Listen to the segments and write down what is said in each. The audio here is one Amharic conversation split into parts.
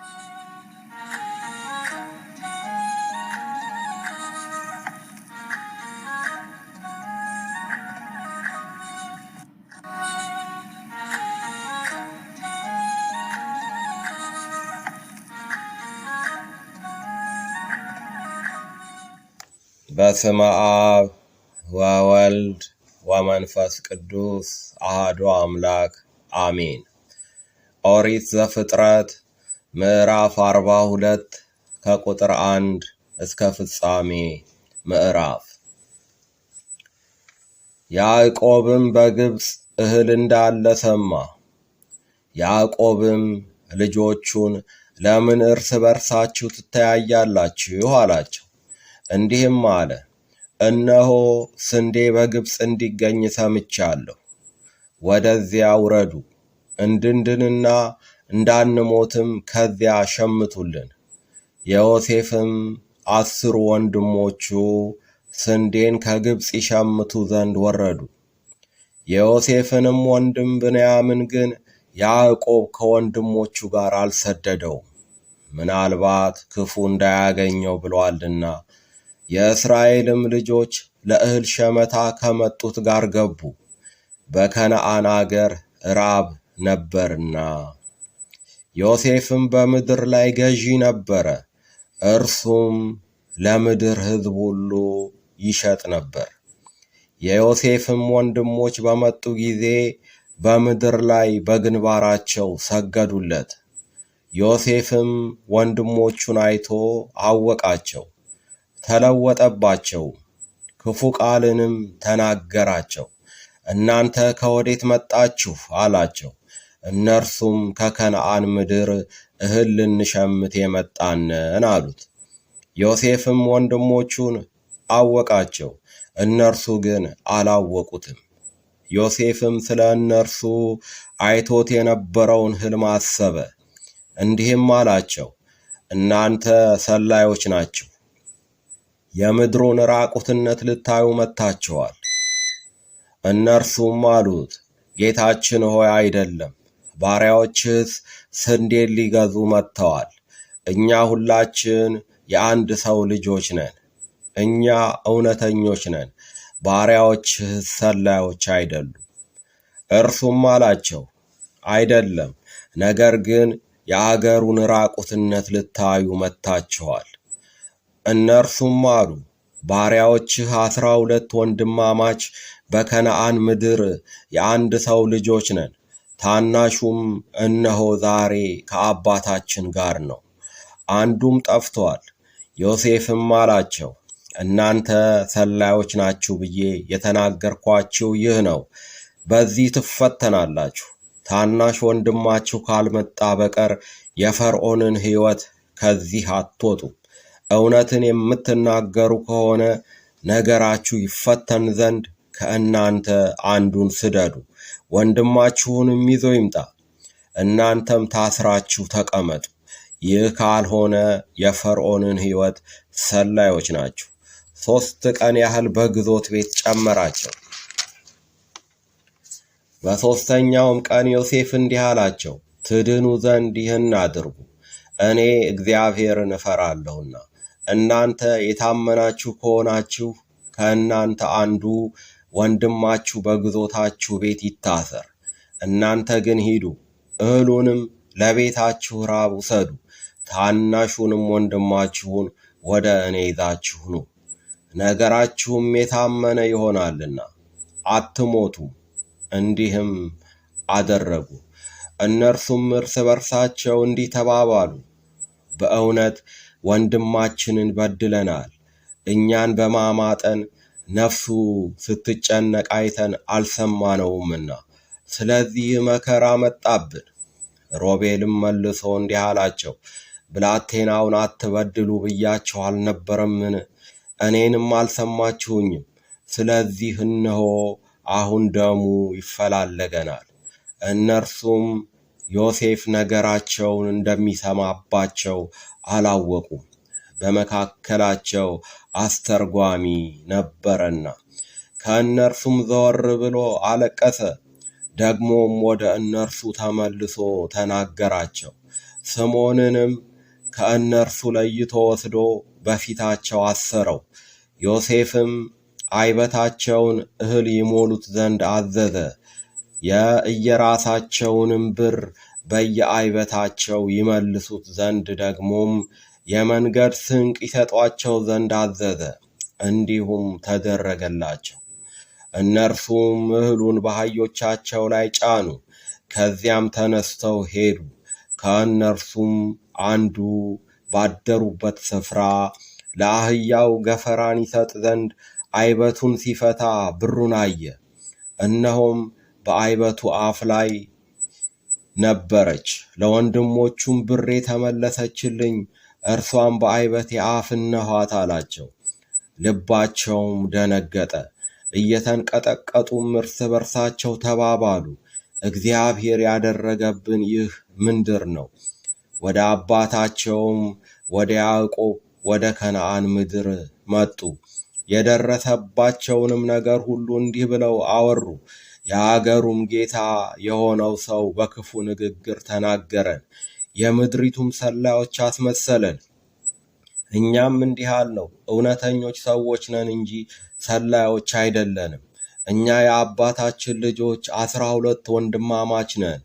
በስመ አብ ወወልድ ወመንፈስ ቅዱስ አህዶ አምላክ አሜን። ኦሪት ዘፍጥረት ምዕራፍ 42 ከቁጥር 1 እስከ ፍጻሜ ምዕራፍ። ያዕቆብም በግብፅ እህል እንዳለ ሰማ። ያዕቆብም ልጆቹን ለምን እርስ በርሳችሁ ትተያያላችሁ? አላቸው። እንዲህም አለ፣ እነሆ ስንዴ በግብፅ እንዲገኝ ሰምቻለሁ። ወደዚያ ውረዱ፣ እንድንድንና እንዳንሞትም ከዚያ ሸምቱልን። ዮሴፍም አስሩ ወንድሞቹ ስንዴን ከግብፅ ይሸምቱ ዘንድ ወረዱ። የዮሴፍንም ወንድም ብንያምን ግን ያዕቆብ ከወንድሞቹ ጋር አልሰደደውም፣ ምናልባት ክፉ እንዳያገኘው ብሏልና። የእስራኤልም ልጆች ለእህል ሸመታ ከመጡት ጋር ገቡ፣ በከነአን አገር ራብ ነበርና። ዮሴፍም በምድር ላይ ገዢ ነበረ። እርሱም ለምድር ሕዝብ ሁሉ ይሸጥ ነበር። የዮሴፍም ወንድሞች በመጡ ጊዜ በምድር ላይ በግንባራቸው ሰገዱለት። ዮሴፍም ወንድሞቹን አይቶ አወቃቸው፣ ተለወጠባቸው፣ ክፉ ቃልንም ተናገራቸው። እናንተ ከወዴት መጣችሁ? አላቸው። እነርሱም ከከነአን ምድር እህል ልንሸምት የመጣነን አሉት። ዮሴፍም ወንድሞቹን አወቃቸው፣ እነርሱ ግን አላወቁትም። ዮሴፍም ስለ እነርሱ አይቶት የነበረውን ሕልም አሰበ፣ እንዲህም አላቸው፣ እናንተ ሰላዮች ናችሁ፣ የምድሩን ራቁትነት ልታዩ መጥታችኋል። እነርሱም አሉት፣ ጌታችን ሆይ አይደለም ባሪያዎችህ ስንዴን ሊገዙ መጥተዋል። እኛ ሁላችን የአንድ ሰው ልጆች ነን። እኛ እውነተኞች ነን፣ ባሪያዎችህ ሰላዮች አይደሉም። እርሱም አላቸው፣ አይደለም፣ ነገር ግን የአገሩን ራቁትነት ልታዩ መጥታችኋል። እነርሱም አሉ ባሪያዎችህ አስራ ሁለት ወንድማማች በከነአን ምድር የአንድ ሰው ልጆች ነን ታናሹም እነሆ ዛሬ ከአባታችን ጋር ነው፣ አንዱም ጠፍቷል። ዮሴፍም አላቸው እናንተ ሰላዮች ናችሁ ብዬ የተናገርኳችሁ ይህ ነው። በዚህ ትፈተናላችሁ። ታናሽ ወንድማችሁ ካልመጣ በቀር የፈርዖንን ሕይወት ከዚህ አትወጡም። እውነትን የምትናገሩ ከሆነ ነገራችሁ ይፈተን ዘንድ ከእናንተ አንዱን ስደዱ፣ ወንድማችሁንም ይዞ ይምጣ፣ እናንተም ታስራችሁ ተቀመጡ። ይህ ካልሆነ የፈርዖንን ሕይወት ሰላዮች ናችሁ። ሦስት ቀን ያህል በግዞት ቤት ጨመራቸው። በሦስተኛውም ቀን ዮሴፍ እንዲህ አላቸው፣ ትድኑ ዘንድ ይህን አድርጉ፣ እኔ እግዚአብሔርን እፈራለሁና። እናንተ የታመናችሁ ከሆናችሁ ከእናንተ አንዱ ወንድማችሁ በግዞታችሁ ቤት ይታሰር፣ እናንተ ግን ሂዱ እህሉንም ለቤታችሁ ራብ ውሰዱ፣ ታናሹንም ወንድማችሁን ወደ እኔ ይዛችሁ ኑ። ነገራችሁም የታመነ ይሆናልና አትሞቱ። እንዲህም አደረጉ። እነርሱም እርስ በርሳቸው እንዲህ ተባባሉ፣ በእውነት ወንድማችንን በድለናል፣ እኛን በማማጠን ነፍሱ ስትጨነቅ አይተን አልሰማነውምና ስለዚህ መከራ መጣብን። ሮቤልም መልሶ እንዲህ አላቸው፣ ብላቴናውን አትበድሉ ብያችሁ አልነበረምን? እኔንም አልሰማችሁኝም። ስለዚህ እነሆ አሁን ደሙ ይፈላለገናል። እነርሱም ዮሴፍ ነገራቸውን እንደሚሰማባቸው አላወቁም። በመካከላቸው አስተርጓሚ ነበረና ከእነርሱም ዘወር ብሎ አለቀሰ። ደግሞም ወደ እነርሱ ተመልሶ ተናገራቸው። ስምዖንንም ከእነርሱ ለይቶ ወስዶ በፊታቸው አሰረው። ዮሴፍም አይበታቸውን እህል ይሞሉት ዘንድ አዘዘ። የእየራሳቸውንም ብር በየአይበታቸው ይመልሱት ዘንድ ደግሞም የመንገድ ስንቅ ይሰጧቸው ዘንድ አዘዘ። እንዲሁም ተደረገላቸው። እነርሱም እህሉን በአህዮቻቸው ላይ ጫኑ። ከዚያም ተነስተው ሄዱ። ከእነርሱም አንዱ ባደሩበት ስፍራ ለአህያው ገፈራን ይሰጥ ዘንድ አይበቱን ሲፈታ ብሩን አየ። እነሆም በአይበቱ አፍ ላይ ነበረች። ለወንድሞቹም ብሬ ተመለሰችልኝ እርሷም በአይበት የአፍነ አላቸው። ልባቸውም ደነገጠ፣ እየተንቀጠቀጡም እርስ በርሳቸው ተባባሉ፣ እግዚአብሔር ያደረገብን ይህ ምንድር ነው? ወደ አባታቸውም ወደ ያዕቆብ ወደ ከነአን ምድር መጡ። የደረሰባቸውንም ነገር ሁሉ እንዲህ ብለው አወሩ። የአገሩም ጌታ የሆነው ሰው በክፉ ንግግር ተናገረን፣ የምድሪቱም ሰላዮች አስመሰለን። እኛም እንዲህ አልነው፣ እውነተኞች ሰዎች ነን እንጂ ሰላዮች አይደለንም። እኛ የአባታችን ልጆች አስራ ሁለት ወንድማማች ነን።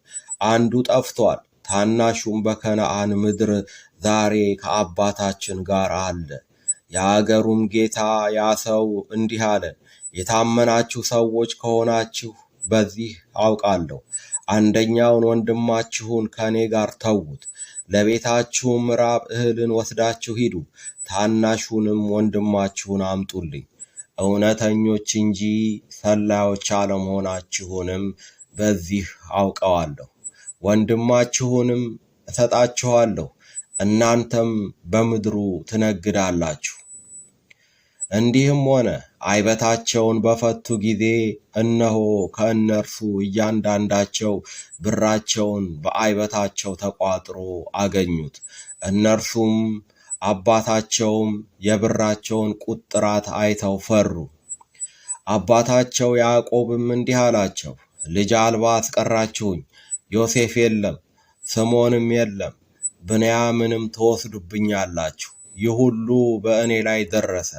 አንዱ ጠፍቷል፣ ታናሹም በከነአን ምድር ዛሬ ከአባታችን ጋር አለ። የአገሩም ጌታ ያ ሰው እንዲህ አለን፣ የታመናችሁ ሰዎች ከሆናችሁ በዚህ አውቃለሁ አንደኛውን ወንድማችሁን ከእኔ ጋር ተዉት፣ ለቤታችሁም ምዕራብ እህልን ወስዳችሁ ሂዱ፣ ታናሹንም ወንድማችሁን አምጡልኝ። እውነተኞች እንጂ ሰላዮች አለመሆናችሁንም በዚህ አውቀዋለሁ። ወንድማችሁንም እሰጣችኋለሁ፣ እናንተም በምድሩ ትነግዳላችሁ። እንዲህም ሆነ አይበታቸውን በፈቱ ጊዜ እነሆ ከእነርሱ እያንዳንዳቸው ብራቸውን በአይበታቸው ተቋጥሮ አገኙት። እነርሱም አባታቸውም የብራቸውን ቁጥራት አይተው ፈሩ። አባታቸው ያዕቆብም እንዲህ አላቸው፣ ልጅ አልባ አስቀራችሁኝ። ዮሴፍ የለም፣ ስምዖንም የለም፣ ብንያምንም ትወስዱብኛላችሁ። ይህ ሁሉ በእኔ ላይ ደረሰ።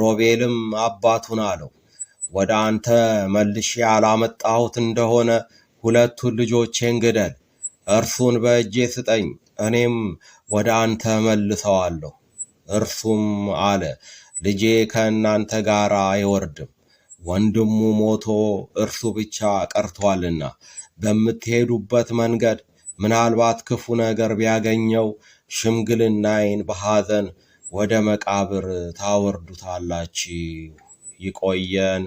ሮቤልም አባቱን አለው፣ ወደ አንተ መልሼ ያላመጣሁት እንደሆነ ሁለቱን ልጆቼን ግደል፣ እርሱን በእጄ ስጠኝ፣ እኔም ወደ አንተ መልሰዋለሁ። እርሱም አለ፣ ልጄ ከእናንተ ጋር አይወርድም፣ ወንድሙ ሞቶ እርሱ ብቻ ቀርቷልና በምትሄዱበት መንገድ ምናልባት ክፉ ነገር ቢያገኘው ሽምግልናዬን በሐዘን ወደ መቃብር ታወርዱታላችሁ። ይቆየን።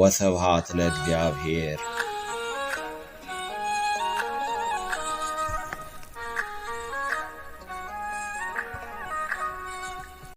ወስብሐት ለእግዚአብሔር።